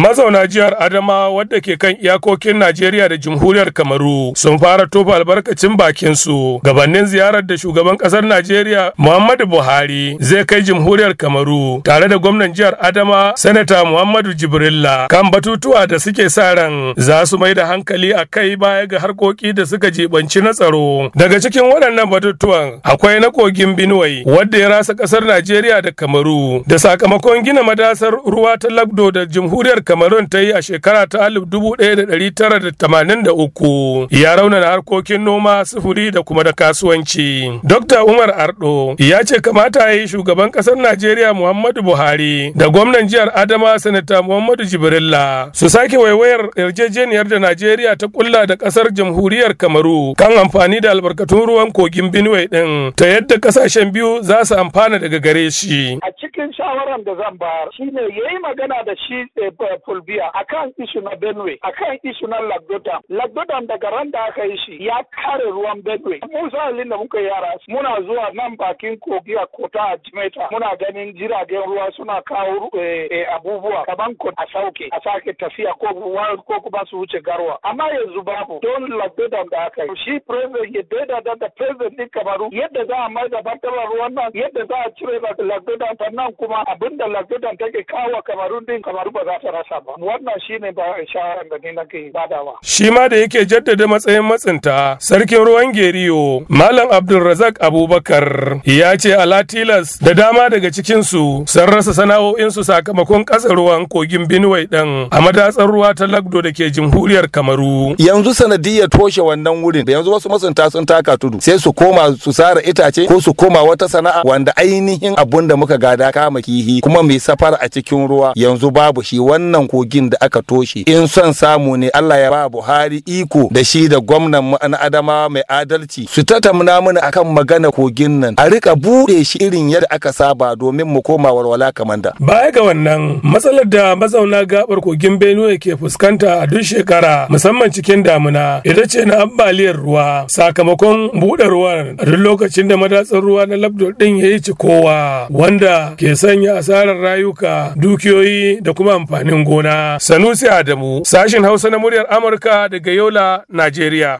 Mazauna jihar Adama wadda ke kan iyakokin Najeriya da Jamhuriyar Kamaru sun fara tofa albarkacin bakin su gabanin ziyarar da shugaban kasar Najeriya Muhammadu Buhari zai kai Jamhuriyar Kamaru tare da gwamnan jihar Adama Sanata Muhammadu Jibrilla kan batutuwa da suke sa ran za su mai da hankali a kai baya ga harkoki da suka jibanci na tsaro. Daga cikin waɗannan batutuwan akwai na kogin Binuwai wadda ya rasa kasar Najeriya da Kamaru da sakamakon gina madasar ruwa ta Lagdo da Jamhuriyar Cameroon ta yi a shekara ta 1983 ya raunana harkokin noma, sufuri da kuma da kasuwanci. Dr. Umar Ardo ya ce kamata ya yi shugaban ƙasar Najeriya Muhammadu Buhari da gwamnan jihar Adama Sanata Muhammadu Jibrilla su sake waiwayar yarjejeniyar da Najeriya ta kulla da ƙasar Jamhuriyar Kamaru kan amfani da albarkatun ruwan kogin Benue ɗin ta yadda ƙasashen biyu za su amfana daga gare shi. A cikin shawaran da zan bayar shine yayi magana da shi eh, a kan isu na Benue a kan isu na Lagdodam. Lagdodam daga ran da aka yi shi ya kare ruwan Benue Musa Ali da muka yara muna zuwa nan bakin kogi a kota a Jimeta muna ganin jiragen ruwa suna kawo eh, eh, abubuwa kaman ko a sauke a sake tafiya ko ko kuma su wuce garwa amma yanzu babu don Lagdodam da aka yi shi president ya daida da president din kabaru yadda za a mai da bantalar ruwan nan yadda za a cire Lagdodam sannan kuma abinda Lagdodam take kawo Kamarun din Kamaru ba za ta rasa ba wannan shine ba shawarar da ni nake badawa shi ma da yake jaddada matsayin matsinta sarkin ruwan geriyo malam abdulrazak abubakar ya ce alatilas da dama daga cikinsu sun rasa sana'o'insu sakamakon ƙasa ruwan kogin benue ɗin a matatsar ruwa ta lagdo da ke jamhuriyar kamaru yanzu sanadiyar toshe wannan wurin yanzu wasu masunta sun taka tudu sai su koma su sara itace ko su koma wata sana'a wanda ainihin abun da muka gada kama kihi kuma mai safar a cikin ruwa yanzu babu shi wannan wannan kogin da aka toshe in son samu ne Allah ya ba Buhari iko da shi da gwamnan mu an Adama mai adalci su muna mana akan magana kogin nan a rika bude shi irin yadda aka saba domin mu koma walwala kamar da baya ga wannan matsalar da mazauna gabar kogin Benue ke fuskanta a duk shekara musamman cikin damuna ita ce na ambaliyar ruwa sakamakon buɗe ruwa a duk lokacin da madatsar ruwa na labdol din yayi cikowa wanda ke sanya asarar rayuka dukiyoyi da kuma amfani amfanin gona. Sanusi Adamu, sashin Hausa na muryar Amurka daga Yola, Najeriya.